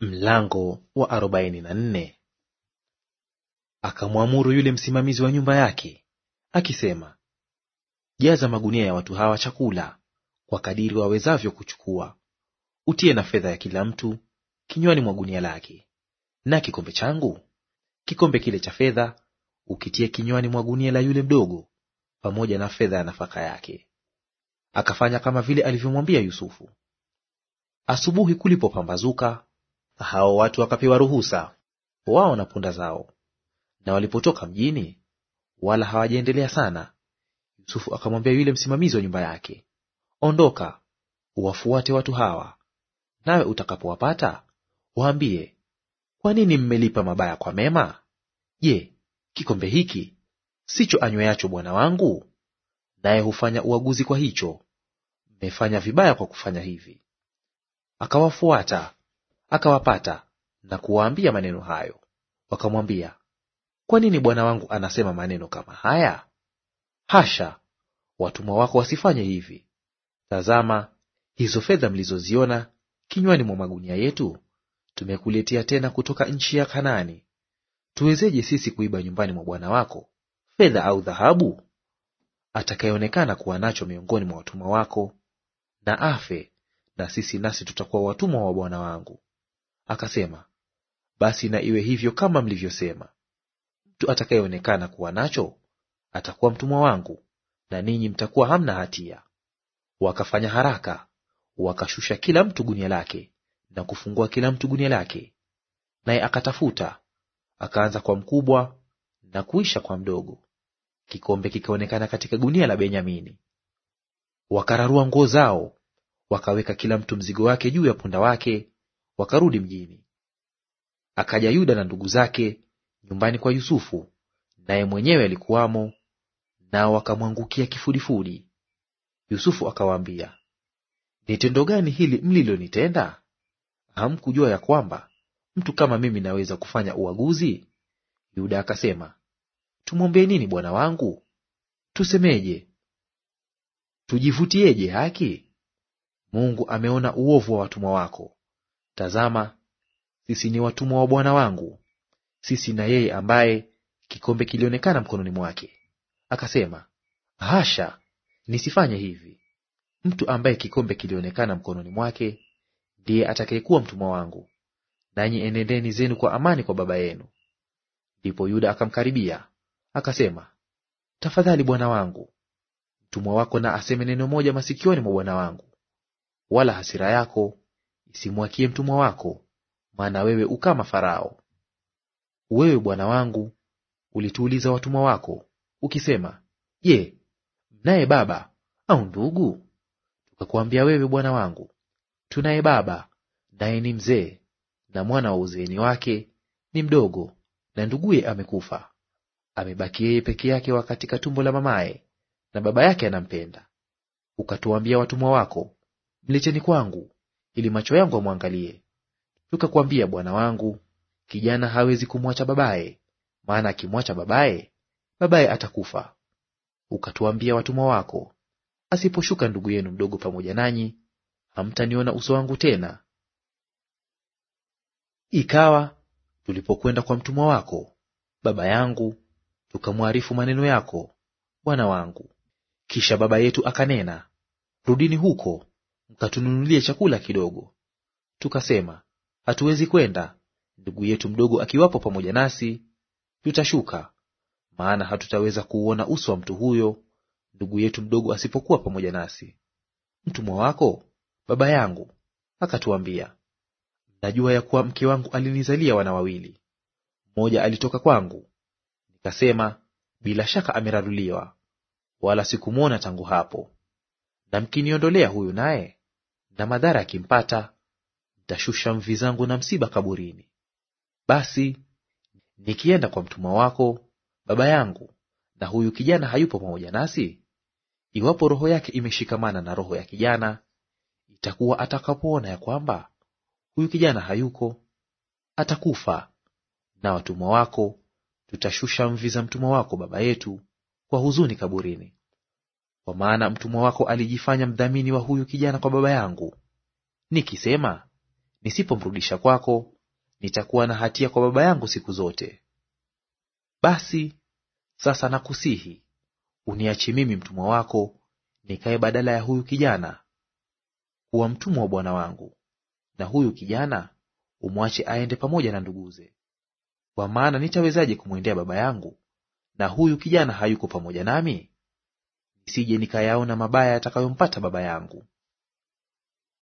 Mlango wa arobaini na nne. Akamwamuru yule msimamizi wa nyumba yake akisema, jaza magunia ya watu hawa chakula kwa kadiri wawezavyo kuchukua, utie na fedha ya kila mtu kinywani mwa gunia lake, na kikombe changu kikombe kile cha fedha ukitie kinywani mwa gunia la yule mdogo, pamoja na fedha ya nafaka yake. Akafanya kama vile alivyomwambia Yusufu. Asubuhi kulipopambazuka hao watu wakapewa ruhusa wao na punda zao. Na walipotoka mjini, wala hawajaendelea sana, Yusufu akamwambia yule msimamizi wa nyumba yake, ondoka uwafuate watu hawa, nawe utakapowapata waambie, kwa nini mmelipa mabaya kwa mema? Je, kikombe hiki sicho anyweacho bwana wangu? Naye hufanya uaguzi kwa hicho. Mmefanya vibaya kwa kufanya hivi. Akawafuata akawapata na kuwaambia maneno hayo. Wakamwambia, kwa nini bwana wangu anasema maneno kama haya? Hasha, watumwa wako wasifanye hivi. Tazama, hizo fedha mlizoziona kinywani mwa magunia yetu tumekuletea tena kutoka nchi ya Kanaani. Tuwezeje sisi kuiba nyumbani mwa bwana wako fedha au dhahabu? Atakayeonekana kuwa nacho miongoni mwa watumwa wako na afe, na sisi nasi tutakuwa watumwa wa bwana wangu. Akasema, basi na iwe hivyo kama mlivyosema. Mtu atakayeonekana kuwa nacho atakuwa mtumwa wangu, na ninyi mtakuwa hamna hatia. Wakafanya haraka, wakashusha kila mtu gunia lake na kufungua kila mtu gunia lake. Naye akatafuta, akaanza kwa mkubwa na kuisha kwa mdogo. Kikombe kikaonekana katika gunia la Benyamini. Wakararua nguo zao, wakaweka kila mtu mzigo wake juu ya punda wake, wakarudi mjini. Akaja Yuda na ndugu zake nyumbani kwa Yusufu, naye mwenyewe alikuwamo, nao wakamwangukia kifudifudi. Yusufu akawaambia, ni tendo gani hili mlilonitenda? Hamkujua ya kwamba mtu kama mimi naweza kufanya uaguzi? Yuda akasema, tumwombee nini bwana wangu? Tusemeje? Tujivutieje haki? Mungu ameona uovu wa watumwa wako, Tazama, sisi ni watumwa wa bwana wangu, sisi na yeye ambaye kikombe kilionekana mkononi mwake. Akasema, hasha, nisifanye hivi. Mtu ambaye kikombe kilionekana mkononi mwake ndiye atakayekuwa mtumwa wangu, nanyi enendeni zenu kwa amani kwa baba yenu. Ndipo Yuda akamkaribia akasema, tafadhali bwana wangu, mtumwa wako na aseme neno moja masikioni mwa bwana wangu, wala hasira yako isimwakie mtumwa wako, maana wewe ukama Farao. Wewe bwana wangu ulituuliza watumwa wako ukisema, Je, mnaye baba au ndugu? Tukakuambia wewe, bwana wangu, tunaye baba, naye ni mzee, na mwana wa uzeeni wake ni mdogo, na nduguye amekufa; amebaki yeye peke yake wa katika tumbo la mamaye, na baba yake anampenda. Ukatuambia watumwa wako, mleteni kwangu, ili macho yangu amwangalie. Tukakwambia bwana wangu, kijana hawezi kumwacha babaye, maana akimwacha babaye, babaye atakufa. Ukatuambia watumwa wako, asiposhuka ndugu yenu mdogo pamoja nanyi, hamtaniona uso wangu tena. Ikawa tulipokwenda kwa mtumwa wako baba yangu, tukamwarifu maneno yako bwana wangu. Kisha baba yetu akanena, rudini huko mkatununulie chakula kidogo. Tukasema, hatuwezi kwenda, ndugu yetu mdogo akiwapo pamoja nasi tutashuka, maana hatutaweza kuuona uso wa mtu huyo, ndugu yetu mdogo asipokuwa pamoja nasi. Mtumwa wako baba yangu akatuambia, najua ya kuwa mke wangu alinizalia wana wawili, mmoja alitoka kwangu, nikasema bila shaka ameraruliwa, wala sikumwona tangu hapo. Na mkiniondolea huyu naye na madhara yakimpata, nitashusha mvi zangu na msiba kaburini. Basi nikienda kwa mtumwa wako baba yangu, na huyu kijana hayupo pamoja nasi, iwapo roho yake imeshikamana na roho ya kijana, itakuwa atakapoona ya kwamba huyu kijana hayuko, atakufa. Na watumwa wako tutashusha mvi za mtumwa wako baba yetu kwa huzuni kaburini. Kwa maana mtumwa wako alijifanya mdhamini wa huyu kijana kwa baba yangu, nikisema, nisipomrudisha kwako, nitakuwa na hatia kwa baba yangu siku zote. Basi sasa nakusihi uniache mimi mtumwa wako nikae badala ya huyu kijana kuwa mtumwa wa bwana wangu, na huyu kijana umwache aende pamoja na nduguze. Kwa maana nitawezaje kumwendea baba yangu, na huyu kijana hayuko pamoja nami? isije nikayaona mabaya yatakayompata baba yangu.